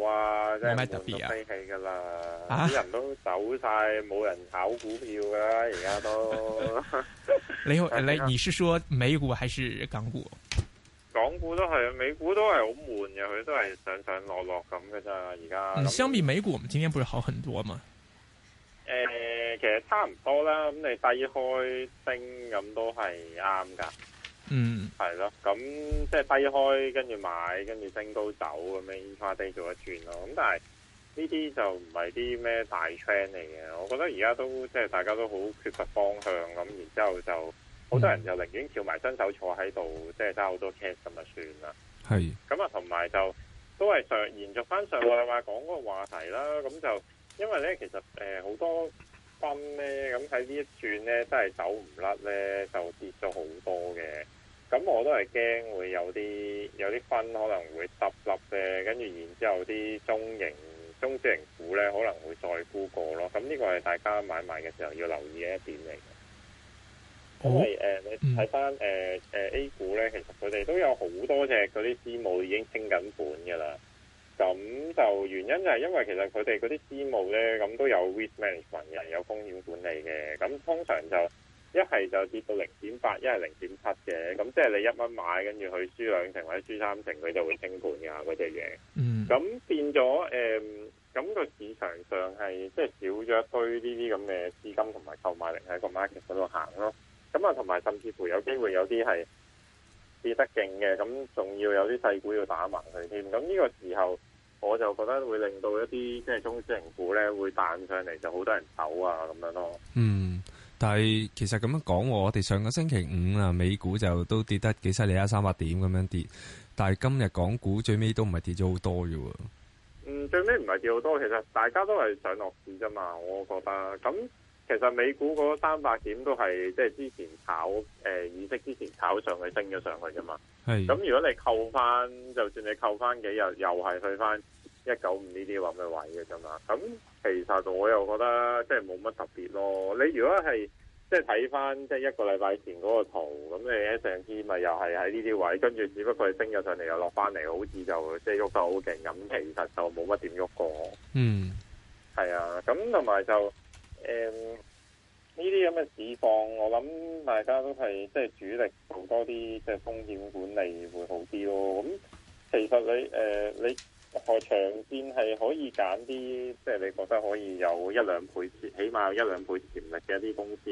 哇，真係特別啊！氣噶啦，啲人都走晒，冇人炒股票噶啦，而家都。你好，你你是說美股還是港股？港股都係，美股都係好悶嘅，佢都係上上落落咁噶咋，而家。嗯、相比美股，我們今天不是好很多嗎？誒、呃，其實差唔多啦，咁你低開升咁都係啱噶。嗯，係咯，咁即係低開跟住買，跟住升高走咁樣，依塊地做一轉咯。咁但係呢啲就唔係啲咩大 train 嚟嘅，我覺得而家都即係大家都好缺乏方向，咁、啊、然之後就好多人就寧願跳埋新手坐喺度、嗯，即係揸好多 cash 咁啊算啦。係是。咁啊，同埋就都係上延續翻上個禮拜講嗰個話題啦。咁就因為咧，其實誒好、呃、多分咧，咁喺呢一轉咧真係走唔甩咧，就跌咗好多嘅。咁我都係驚會有啲有啲分可能會執笠嘅。跟住然之後啲中型中小型股咧，可能會再沽過咯。咁呢個係大家買賣嘅時候要留意嘅一點嚟嘅。因為誒，你睇翻誒誒 A 股咧，其實佢哋都有好多隻嗰啲私募已經清緊本噶啦。咁就原因就係因為其實佢哋嗰啲私募咧，咁都有 risk management 有風險管理嘅。咁通常就。一係就跌到零點八，一係零點七嘅，咁即係你一蚊買，跟住佢輸兩成或者輸三成，佢就會清盤噶嗰隻嘢。嗯，咁變咗誒，咁個市場上係即係少咗一堆呢啲咁嘅資金同埋購買力喺個 market 嗰度行咯。咁啊，同埋甚至乎有機會有啲係跌得勁嘅，咁仲要有啲細股要打埋佢添。咁呢個時候，我就覺得會令到一啲即係中小型股咧會彈上嚟，就好多人走啊咁樣咯。嗯、mm。Hmm. 但係其實咁樣講喎，我哋上個星期五啊，美股就都跌得幾犀利啊，三百點咁樣跌。但係今日港股最尾都唔係跌咗好多嘅喎。嗯，最尾唔係跌好多，其實大家都係上落市啫嘛。我覺得，咁其實美股嗰三百點都係即係之前炒誒、呃、意識之前炒上去升咗上去啫嘛。係是。咁如果你扣翻，就算你扣翻幾日，又係去翻。一九五呢啲咁嘅位嘅啫嘛？咁其實我又覺得即係冇乜特別咯。你如果係即係睇翻即係一個禮拜前嗰個圖，咁你喺上支咪又係喺呢啲位，跟住只不過升咗上嚟又落翻嚟，好似就即係喐得好勁。咁其實就冇乜點喐過嗯、啊。嗯，係啊。咁同埋就誒呢啲咁嘅市況，我諗大家都係即係主力做多啲即係風險管理會好啲咯。咁其實你誒、呃、你。我長線係可以揀啲，即係你覺得可以有一兩倍，起碼有一兩倍潛力嘅一啲公司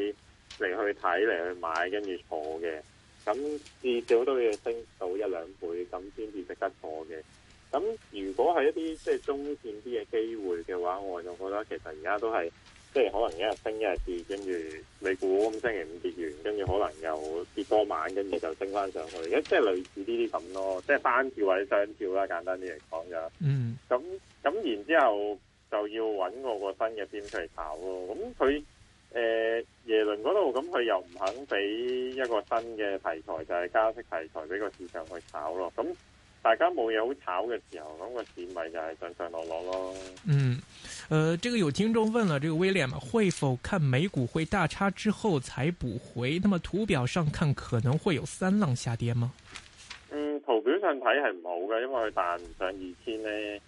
嚟去睇嚟去買，跟住坐嘅。咁至少都要升到一兩倍，咁先至值得坐嘅。咁如果係一啲即係中線啲嘅機會嘅話，我就覺得其實而家都係。即係可能一日升一日跌，跟住美股咁星期五跌完，跟住可能又跌多晚，跟住就升翻上去，即係類似呢啲咁咯，即係單跳或者雙跳啦，簡單啲嚟講就。嗯。咁咁然之後就要揾我個新嘅 theme 出嚟炒咯，咁佢誒耶倫嗰度咁，佢又唔肯俾一個新嘅、呃、題材，就係、是、加息題材俾個市場去炒咯，咁。大家冇嘢好炒嘅時候，咁、那個市咪就係上上落落咯。嗯，誒、呃，這個有聽眾問啦，這個威廉會否看美股會大差之後才補回？那麼圖表上看可能會有三浪下跌嗎？嗯，圖表上睇係唔好嘅，因為佢彈唔上二千呢，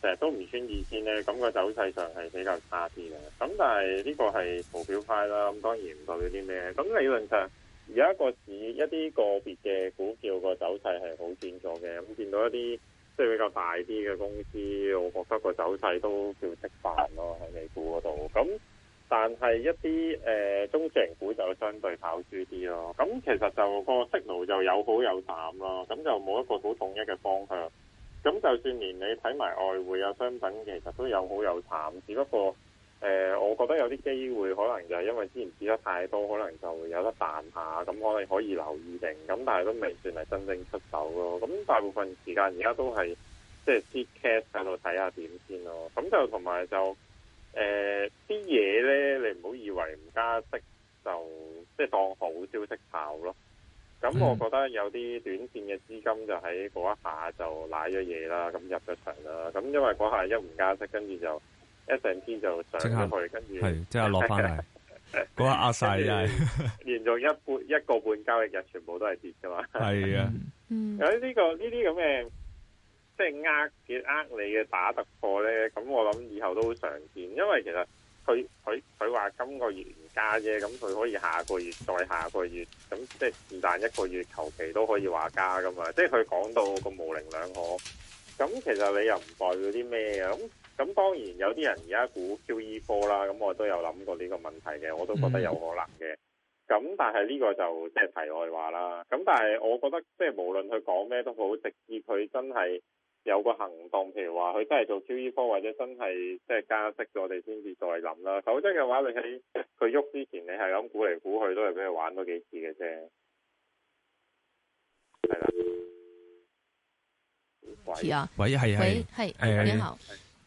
成日都唔穿二千呢，咁個走勢上係比較差啲嘅。咁但係呢個係圖表派啦，咁當然唔代表啲咩，咁理論上。而家個市，一啲個別嘅股票個走勢係好堅咗嘅，咁、嗯、見到一啲即係比較大啲嘅公司，我覺得個走勢都叫積賺咯喺美股嗰度。咁、嗯、但係一啲誒、呃、中資股就相對跑輸啲咯。咁、嗯、其實就、個息率就有好有淡咯，咁就冇一個好統一嘅方向。咁就算連你睇埋外匯啊商品，其實都有好有淡，只不過。誒、呃，我覺得有啲機會，可能就係因為之前跌得太多，可能就有得彈下，咁可能可以留意定，咁但係都未算係真正出手咯。咁大部分時間而家都係即係啲 cash 喺度睇下點先咯。咁就同埋就誒啲嘢咧，你唔好以為唔加息就即係當好消息炒咯。咁我覺得有啲短線嘅資金就喺嗰一下就瀨咗嘢啦，咁入咗場啦。咁因為嗰下一唔加息，跟住就。一成天就上去，跟住係即係落翻嚟，嗰著下壓晒，因為 連續一半 一個半交易日全部都係跌噶嘛、這個。係啊，有呢個呢啲咁嘅，即係呃跌壓你嘅打突破咧。咁我諗以後都好常見，因為其實佢佢佢話今個月唔加啫，咁佢可以下個月再下個月，咁即係是但一個月求其都可以話加噶嘛。即係佢講到個模棱兩可，咁其實你又唔在乎啲咩啊？咁當然有啲人而家估 QE 科啦，咁我都有諗過呢個問題嘅，我都覺得有可能嘅。咁但係呢個就即係題外話啦。咁但係我覺得即係無論佢講咩都好，直至佢真係有個行動，譬如話佢真係做 QE 科，或者真係即係加息，我哋先至再諗啦。否則嘅話，你喺佢喐之前，你係咁估嚟估去，都係俾佢玩多幾次嘅啫。係啦。喂啊！喂係係係。你好。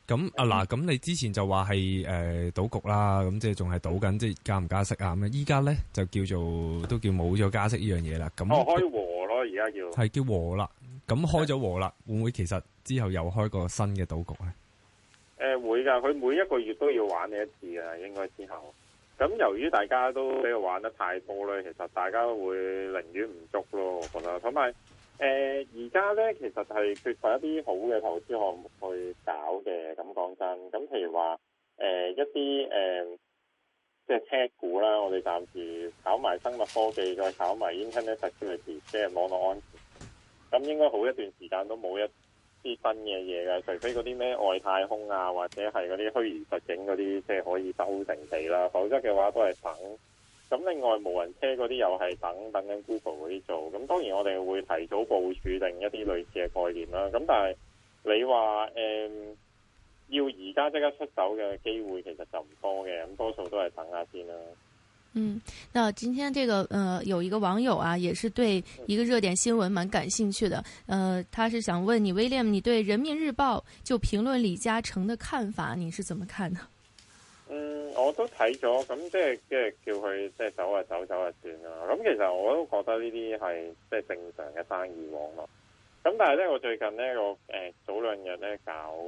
咁啊嗱，咁你之前就話係誒賭局啦，咁即係仲係賭緊，即係加唔加息啊？咁依家咧就叫做都叫冇咗加息呢樣嘢啦。哦，開和咯，而家叫係叫和啦。咁開咗和啦，會唔會其實之後又開個新嘅賭局咧？誒，會噶，佢每一個月都要玩呢一次啊。應該之後，咁由於大家都俾佢玩得太多啦，其實大家都會寧願唔捉咯。我覺得，同埋。誒而家咧，其實係缺乏一啲好嘅投資項目去搞嘅。咁講真，咁譬如話，誒、呃、一啲誒、呃、即係車股啦，我哋暫時搞埋生物科技，再搞埋 Internet Security 即係網絡安全。咁應該好一段時間都冇一啲新嘅嘢嘅，除非嗰啲咩外太空啊，或者係嗰啲虛擬實境嗰啲，即係可以收成期啦。否則嘅話都係等。咁另外無人車嗰啲又係等等緊 Google 嗰啲做，咁當然我哋會提早部署定一啲類似嘅概念啦。咁但係你話誒、嗯、要而家即刻出手嘅機會，其實就唔多嘅，咁多數都係等下先啦。嗯，那今天這個，呃，有一個網友啊，也是對一個熱點新聞蠻感興趣的。呃，他是想問你，William，你對人民日報就評論李嘉誠的看法，你是怎麼看呢？嗯，我都睇咗，咁即係即係叫佢即係走，一走一啊走走啊算啦。咁其實我都覺得呢啲係即係正常嘅生意往來啊。咁但係咧，我最近咧，我誒、呃、早兩日咧搞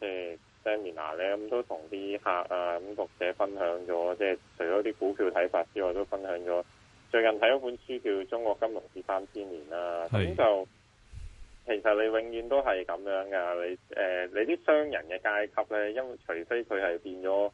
即係 seminar 咧，咁、呃、都同啲客啊咁讀者分享咗，即係除咗啲股票睇法之外，都分享咗最近睇咗本書叫《中國金融史三千年啊》啦是。咁就其實你永遠都係咁樣噶，你誒、呃、你啲商人嘅階級咧，因為除非佢係變咗。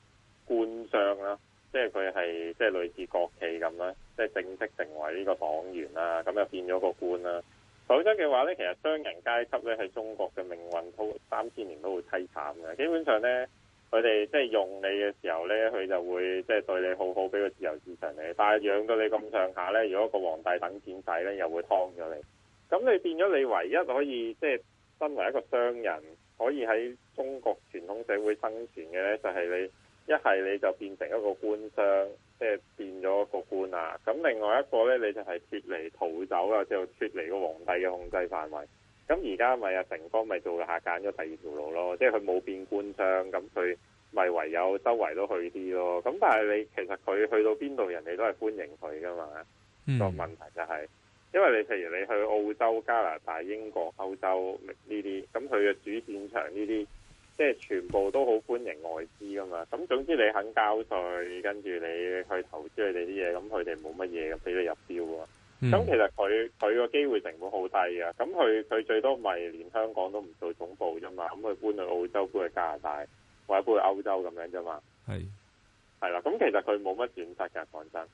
官商啦，即係佢係即係類似國企咁啦，即係正式成為呢個黨員啦，咁就變咗個官啦。否則嘅話呢，其實商人階級呢喺，中國嘅命運，都三千年都好淒慘嘅。基本上呢，佢哋即係用你嘅時候呢，佢就會即係對你好好，俾個自由市場你。但係養到你咁上下呢，如果個皇帝等錢使呢，又會劏咗你。咁你變咗，你唯一可以即係、就是、身為一個商人可以喺中國傳統社會生存嘅呢，就係、是、你。一係你就變成一個官商，即係變咗個官啊！咁另外一個咧，你就係脫離逃走啊，就脫離個皇帝嘅控制範圍。咁而家咪阿成方咪做下揀咗第二條路咯，即係佢冇變官商，咁佢咪唯有周圍都去啲咯。咁但係你其實佢去到邊度，人哋都係歡迎佢噶嘛。個、嗯、問題就係、是，因為你譬如你去澳洲、加拿大、英國、歐洲呢啲，咁佢嘅主戰場呢啲。即係全部都好歡迎外資噶嘛，咁總之你肯交稅，跟住你去投資佢哋啲嘢，咁佢哋冇乜嘢，咁俾你入標啊。咁、嗯、其實佢佢個機會成本好低㗎。咁佢佢最多咪連香港都唔做總部啫嘛，咁佢搬去澳洲，搬去加拿大，或者搬去歐洲咁樣啫嘛。係係啦，咁其實佢冇乜選擇㗎，講真。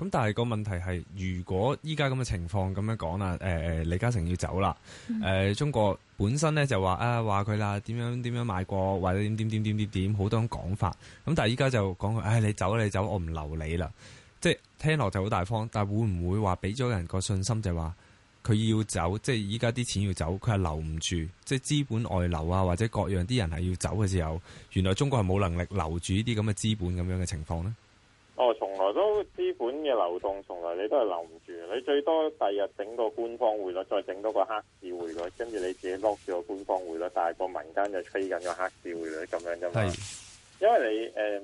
咁但係個問題係，如果依家咁嘅情況咁樣講啦，誒、呃、誒，李嘉誠要走啦，誒、嗯呃，中國本身咧就話啊，話佢啦，點樣點樣買過，或者點點點點點點，好多種講法。咁但係依家就講佢，唉、哎，你走你走，我唔留你啦。即係聽落就好大方，但係會唔會話俾咗人個信心，就話佢要走，即係依家啲錢要走，佢係留唔住，即係資本外流啊，或者各樣啲人係要走嘅時候，原來中國係冇能力留住呢啲咁嘅資本咁樣嘅情況呢。都資本嘅流動，從來你都係留唔住，你最多第日整個官方匯率，再整多個黑市匯率，跟住你自己 lock 住個官方匯率，但係個民間就吹緊個黑市匯率咁樣啫嘛。是因為你誒、呃，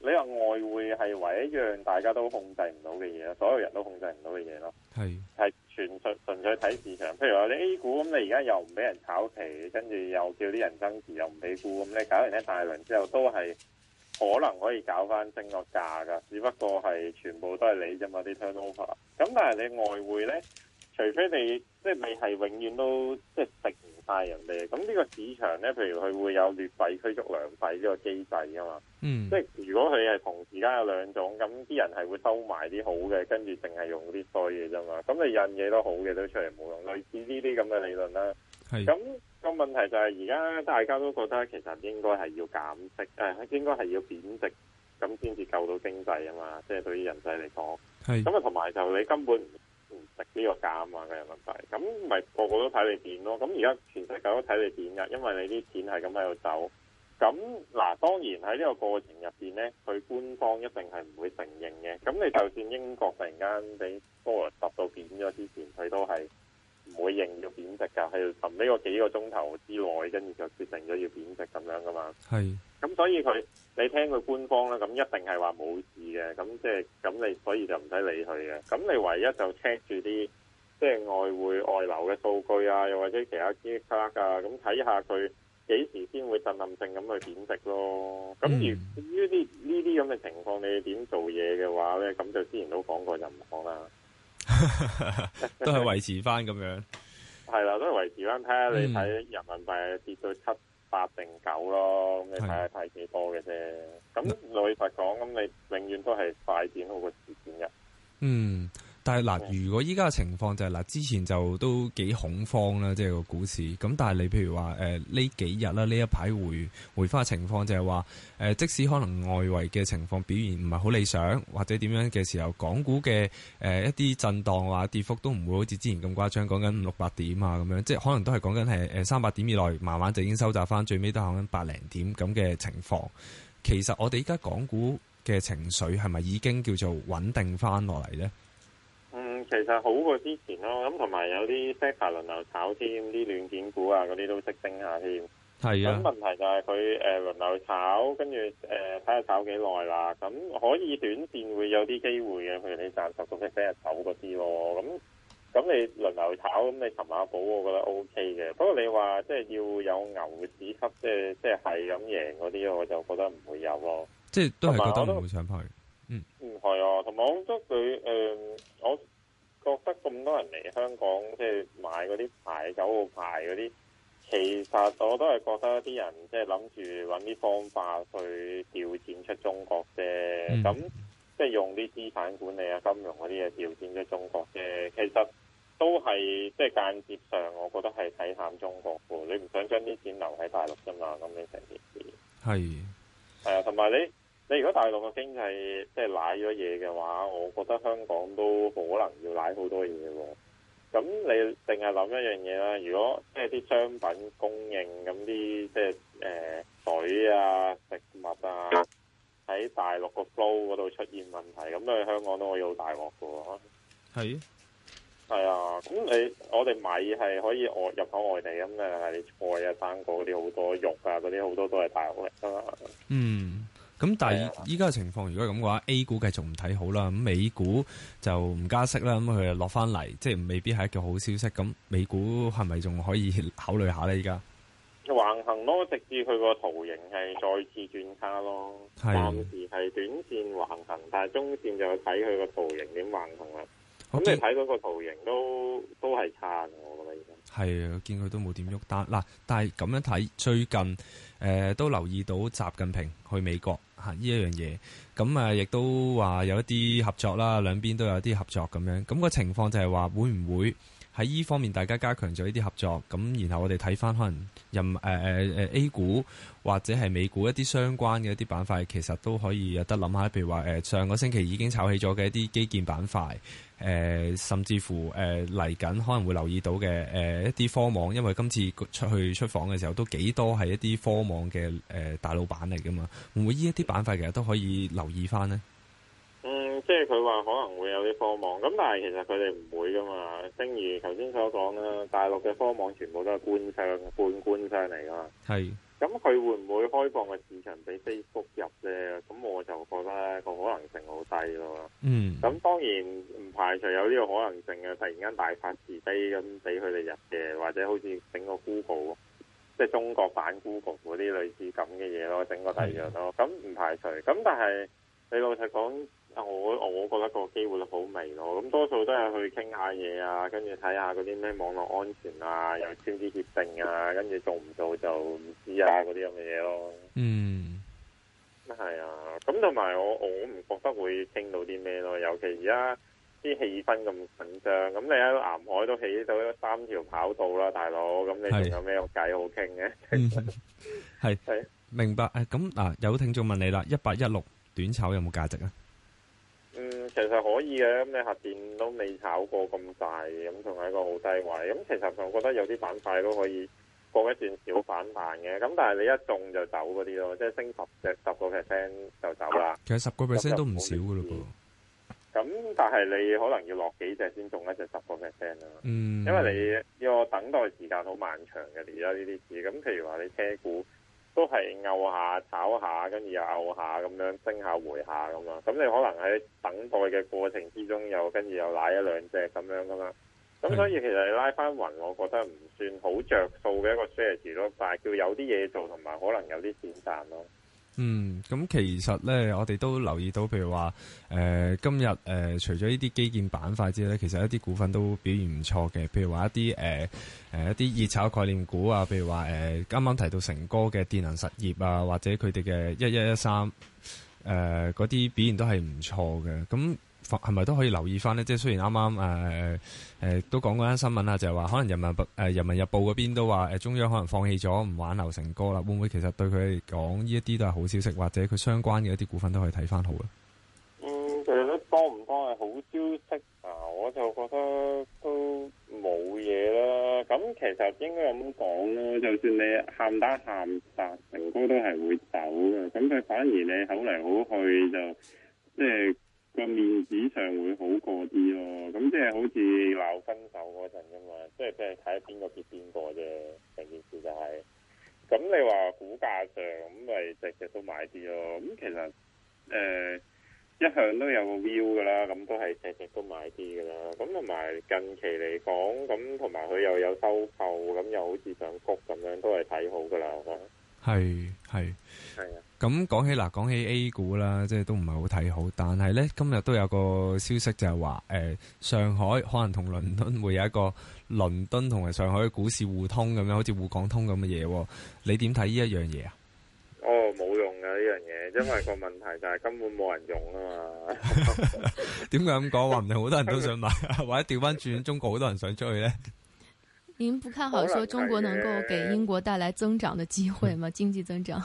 你話外匯係唯一一樣大家都控制唔到嘅嘢，所有人都控制唔到嘅嘢咯。係是，係純粹純粹睇市場。譬如話你 A 股咁，你而家又唔俾人炒期，跟住又叫啲人增持，又唔俾沽咁，你搞完一大輪之後都係。可能可以搞翻升個價噶，只不過係全部都係你啫嘛啲 turnover。咁但係你外匯咧，除非你即係你係永遠都即係食唔晒人哋。咁呢個市場咧，譬如佢會有劣幣驅逐良幣呢個機制啊嘛。嗯。即係如果佢係同時間有兩種，咁啲人係會收埋啲好嘅，跟住淨係用啲衰嘅啫嘛。咁你印嘢都好嘅都出嚟冇用，類似呢啲咁嘅理論啦。咁個問題就係而家大家都覺得其實應該係要減息，誒、呃、應該係要貶值，咁先至救到經濟啊嘛！即、就、係、是、對於人世嚟講，咁啊同埋就你根本唔值呢個價啊嘛嘅問題，咁咪個個都睇你貶咯。咁而家全世界都睇你貶嘅，因為你啲錢係咁喺度走。咁嗱、啊，當然喺呢個過程入邊咧，佢官方一定係唔會承認嘅。咁你就算英國突然間俾波爾揼到貶咗啲錢，佢都係。唔會認貶值要貶值㗎，係要尋呢個幾個鐘頭之內，跟住就決定咗要貶值咁樣噶嘛。係是，咁所以佢你聽佢官方啦，咁一定係話冇事嘅，咁即係咁你所以就唔使理佢嘅。咁你唯一就 check 住啲即係外匯外流嘅數據啊，又或者其他資卡啊，咁睇下佢幾時先會震撼性咁去貶值咯。咁而、嗯、至於呢啲咁嘅情況，你點做嘢嘅話咧，咁就之前都講過就唔講啦。 都係維持翻咁樣，係啦，都係維持翻。睇下你睇人民幣跌到七八定九咯，咁你睇下睇幾多嘅啫。咁老實講，咁你永遠都係快展好過蝕錢嘅。嗯。但係嗱，如果依家嘅情況就係嗱，之前就都幾恐慌啦，即係個股市咁。但係你譬如話誒呢幾日啦，呢一排回，回回翻嘅情況就係話誒，即使可能外圍嘅情況表現唔係好理想，或者點樣嘅時候，港股嘅誒一啲震盪或跌幅都唔會好似之前咁誇張，講緊五六百點啊咁樣，即係可能都係講緊係誒三百點以內，慢慢就已經收窄翻，最尾都行緊百零點咁嘅情況。其實我哋依家港股嘅情緒係咪已經叫做穩定翻落嚟咧？其實好過之前咯，咁同埋有啲 set 牌輪流炒添，啲軟件股啊嗰啲都識升下添。係啊，咁問題就係佢誒輪流炒，跟住誒睇下、啊呃、炒幾耐啦。咁、呃、可以短線會有啲機會嘅，譬如你賺十個 percent 嗰啲咯。咁咁你輪流炒，咁你尋下補，我覺得 O K 嘅。不過你話即係要有牛市級，即係即係係咁贏嗰啲，我就覺得唔會有咯。即係都係覺得好有都想去。嗯，係啊，同埋我都對誒我。覺得咁多人嚟香港，即係買嗰啲牌九號牌嗰啲，其實我都係覺得啲人即係諗住揾啲方法去調錢出中國啫。咁即係用啲資產管理啊、金融嗰啲嘢調錢出中國啫。其實都係即係間接上，我覺得係睇淡中國。你唔想將啲錢留喺大陸啫嘛？咁你成件事係係啊，同埋你。你如果大陸嘅經濟即係舐咗嘢嘅話，我覺得香港都可能要舐好多嘢喎。咁你淨係諗一樣嘢啦。如果即係啲商品供應咁啲，即係誒、呃、水啊、食物啊，喺大陸個 flow 嗰度出現問題，咁都香港都可以好大鑊噶喎。係是。係啊，咁你我哋米係可以外入口外地咁啊，係菜啊、生果嗰啲好多，肉啊嗰啲好多都係大陸嚟噶嘛。嗯。咁但係依家嘅情況，如果咁嘅話，A 股繼續唔睇好啦。咁美股就唔加息啦，咁佢又落翻嚟，即係未必係一個好消息。咁美股係咪仲可以考慮下咧？依家橫行咯，直至佢個圖形係再次轉差咯。的暫時係短線橫行，但係中線就睇佢個圖形點橫行啦。咁怕你睇到個圖形都都係差嘅，我覺得而家係啊，見佢都冇點喐。但嗱，但係咁樣睇最近誒、呃、都留意到習近平去美國。呢一樣嘢，咁啊，亦都話有一啲合作啦，兩邊都有啲合作咁樣。咁個情況就係話會唔會。喺依方面，大家加強咗呢啲合作，咁然後我哋睇翻可能任誒誒誒 A 股或者係美股一啲相關嘅一啲板塊，其實都可以有得諗下，譬如話誒、呃、上個星期已經炒起咗嘅一啲基建板塊，誒、呃、甚至乎誒嚟緊可能會留意到嘅誒、呃、一啲科網，因為今次出去出訪嘅時候都幾多係一啲科網嘅誒、呃、大老闆嚟㗎嘛，會唔會呢一啲板塊其實都可以留意翻咧？即係佢話可能會有啲科網咁，但係其實佢哋唔會噶嘛。正如頭先所講啦，大陸嘅科網全部都係官商半官商嚟噶嘛。係咁是，佢會唔會開放個市場俾 Facebook 入呢？咁我就覺得可、嗯、個可能性好低咯。嗯，咁當然唔排除有呢個可能性嘅。突然間大發慈悲咁俾佢哋入嘅，或者好似整個 Google 即係中國版 Google 嗰啲類似咁嘅嘢咯，整個第二樣咯。咁唔是排除咁，但係你老實講。我我覺得個機會好微咯。咁多數都係去傾下嘢啊，跟住睇下嗰啲咩網絡安全啊，又簽啲協定啊，跟住做唔做就唔知啊，嗰啲咁嘅嘢咯。嗯，咁係啊。咁同埋我我唔覺得會傾到啲咩咯。尤其而家啲氣氛咁緊張，咁你喺南海都起到三條跑道啦，大佬。咁你仲有咩好計好傾嘅？係係明白。誒咁嗱，有聽眾問你啦，一八一六短炒有冇價值啊？其實可以嘅，咁你核電都未炒過咁大，咁仲係一個好低位。咁其實我覺得有啲板塊都可以過一段小反彈嘅，咁但係你一中就走嗰啲咯，即係升十隻十個 percent 就走啦。其實十個 percent 都唔少噶咯噃。咁但係你可能要落幾隻先中一隻十個 percent 啊？嗯。因為你要等待時間好漫長嘅，而家呢啲市。咁譬如話你車股。都係牛下炒下，跟住又牛下咁樣升下回下咁啊！咁你可能喺等待嘅過程之中，又跟住又拉一兩隻咁樣噶啦。咁所以其實你拉翻雲，我覺得唔算好着數嘅一個 share 咯，但係叫有啲嘢做同埋可能有啲錢賺咯。嗯，咁其實呢，我哋都留意到，譬如話，誒、呃、今日誒、呃、除咗呢啲基建板塊之外呢，其實一啲股份都表現唔錯嘅，譬如話一啲誒誒一啲熱炒概念股啊，譬如話誒，啱、呃、啱提到成哥嘅電能實業啊，或者佢哋嘅一一一三誒嗰啲表現都係唔錯嘅，咁、嗯。係咪都可以留意翻呢？即係雖然啱啱誒誒都講嗰一新聞啊，就係、是、話可能人民誒、呃、人民日報嗰邊都話誒、呃、中央可能放棄咗唔玩劉成哥啦。會唔會其實對佢嚟講呢一啲都係好消息，或者佢相關嘅一啲股份都可以睇翻好咧？嗯，其實多唔多係好消息啊？我就覺得都冇嘢啦。咁其實應該咁講咯，就算你喊打喊殺成哥都係會走嘅。咁佢反而你好嚟好去就即係。呃個面子上會好過啲咯，咁即係好似鬧分手嗰陣噶嘛，即係即係睇下邊個結邊個啫，成件事就係、咁。咁你話股價上咁咪只只都買啲咯，咁其實誒、呃、一向都有個 view 噶啦，咁都係只只都買啲噶啦。咁同埋近期嚟講，咁同埋佢又有收購，咁又好似上谷咁樣，都係睇好噶啦。咁係係係啊。咁講起嗱，講起 A 股啦，即係都唔係好睇好。但係呢，今日都有個消息就係、是、話，誒、呃，上海可能同倫敦會有一個倫敦同埋上海嘅股市互通咁樣，好似滬港通咁嘅嘢。你點睇呢一樣嘢啊？哦，冇用嘅呢樣嘢，因為個問題就係根本冇人用啊嘛。點解咁講？話唔定好多人都想買， 或者掉返轉，中國好多人想出去咧。你不看好說中國能夠給英國帶來增長的機會嗎？經濟增長？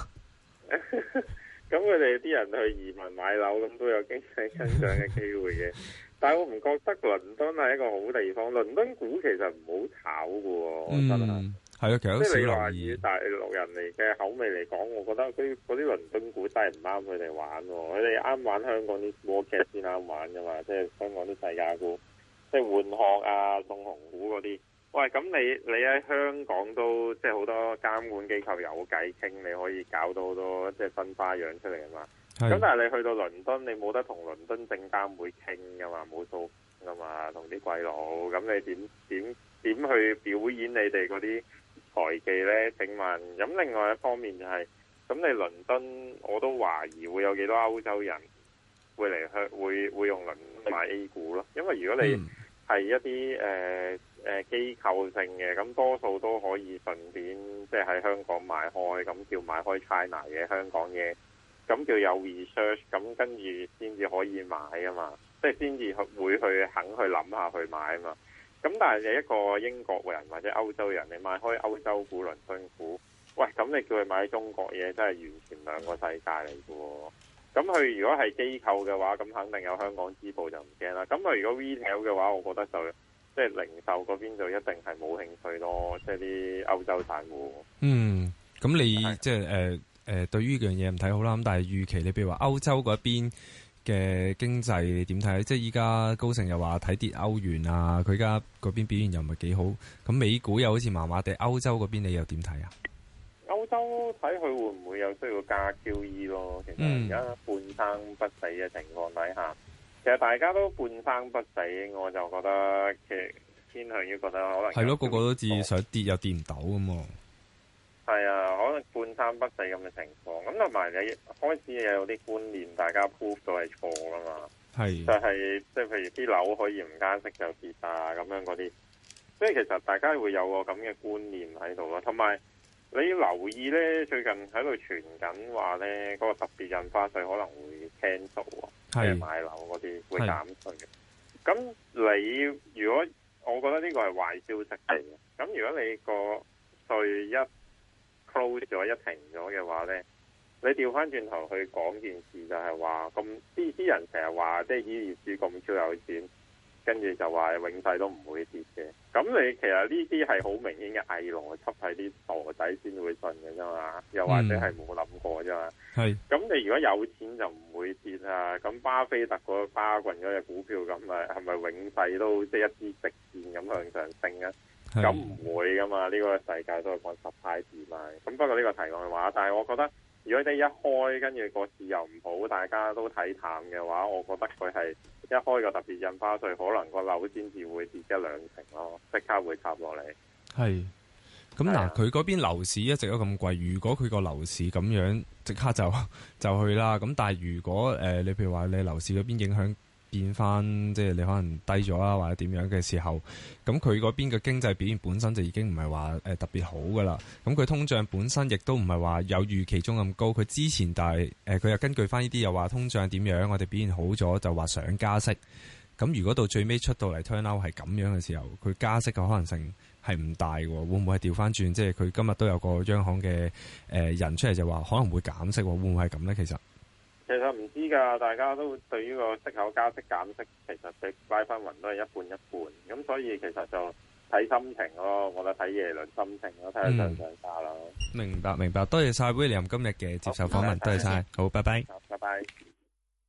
咁佢哋啲人去移民買樓咁都有經濟增長嘅機會嘅，但係我唔覺得倫敦係一個好地方。倫敦股其實唔好炒嘅。嗯，係啊，其實好容易。即係你話以大陸人嚟嘅口味嚟講，我覺得啲嗰啲倫敦股真係唔啱佢哋玩。佢哋啱玩香港啲國企先啱玩噶嘛，即係香港啲世家股，即係換殼啊、送紅股嗰啲。喂，咁你你喺香港都即係好多監管機構有計傾，你可以搞到好多即係新花樣出嚟啊嘛。咁是但係你去到倫敦，你冇得同倫敦證監會傾噶嘛，冇數噶嘛，同啲鬼佬，咁你點點點去表演你哋嗰啲財技咧？請問，咁另外一方面就係、是，咁你倫敦我都懷疑會有幾多歐洲人會嚟去，會會，會用倫買 A 股咯？因為如果你係一啲誒。嗯呃誒機構性嘅，咁多數都可以順便即係喺香港買開，咁叫買開 China 嘅香港嘢，咁叫有 research，咁跟住先至可以買啊嘛，即係先至會去肯去諗下去買啊嘛。咁但係你一個英國人或者歐洲人，你買開歐洲股、倫敦股，喂，咁你叫佢買中國嘢，真係完全兩個世界嚟嘅喎。咁佢如果係機構嘅話，咁肯定有香港支部就唔驚啦。咁佢如果 retail 嘅話，我覺得就～即係零售嗰邊就一定係冇興趣咯，即係啲歐洲散戶。嗯，咁你是的 即係誒誒，對於呢樣嘢唔睇好啦。咁但係預期你，譬如話歐洲嗰邊嘅經濟你點睇？即係依家高盛又話睇跌歐元啊，佢而家嗰邊表現又唔係幾好。咁美股又好似麻麻地，歐洲嗰邊你又點睇啊？歐洲睇佢會唔會有需要加 QE 咯？其實而家半生不死嘅情況底下。嗯嗯大家都半生不死，我就覺得其偏向於覺得可能係咯，個個都只想跌又跌唔到咁。係啊，可能半生不死咁嘅情況。咁同埋你開始有啲觀念，大家 proof 係錯噶嘛？係是就係即係，譬如啲樓可以唔加息就跌啊，咁樣嗰啲。所以其實大家會有個咁嘅觀念喺度咯。同埋你要留意呢，最近喺度傳緊話呢嗰、嗰個特別印花稅可能會 cancel。係是買樓嗰啲會減稅嘅，咁是你如果我覺得呢個係壞消息嚟嘅，咁如果你個稅一 close 咗一停咗嘅話咧，你調翻轉頭去講件事就係話，咁啲啲人成日話即係啲業主咁超有錢。跟住就話永世都唔會跌嘅，咁你其實呢啲係好明顯嘅偽邏輯，睇啲傻仔先會信嘅啫嘛，又或者係冇諗過啫嘛。係、嗯，咁你如果有錢就唔會跌啊，咁巴菲特個巴郡嗰隻股票咁啊，係咪永世都即係一啲直線咁向上升啊？咁唔會㗎嘛，呢、呢個世界都係講十派字嘛。咁不過呢個題外話，但係我覺得，如果你一開跟住個市又唔好，大家都睇淡嘅話，我覺得佢係。一開個特別印花稅，可能個樓先至會跌一兩成咯，即刻會塌落嚟。係，咁、嗯、嗱，佢嗰的邊樓市一直都咁貴，如果佢個樓市咁樣即刻就就去啦，咁但係如果誒、呃，你譬如話你樓市嗰邊影響。變翻即係你可能低咗啦，或者點樣嘅時候，咁佢嗰邊嘅經濟表現本身就已經唔係話誒特別好噶啦。咁佢通脹本身亦都唔係話有預期中咁高。佢之前但係誒佢又根據翻呢啲又話通脹點樣，我哋表現好咗就話想加息。咁如果到最尾出到嚟 turn out 係咁樣嘅時候，佢加息嘅可能性係唔大喎。會唔會係調翻轉？即係佢今日都有個央行嘅誒人出嚟就話可能會減息喎。會唔會係咁呢？其實？其實唔知噶，大家都對於個息口加息減息，其實對拉翻匀都係一半一半。咁所以其實就睇心情咯，我覺得睇耶倫心情咯，睇佢上唔上沙咯。明白明白，多謝晒 William 今日嘅接受訪問，多謝晒，好，拜拜，謝拜拜。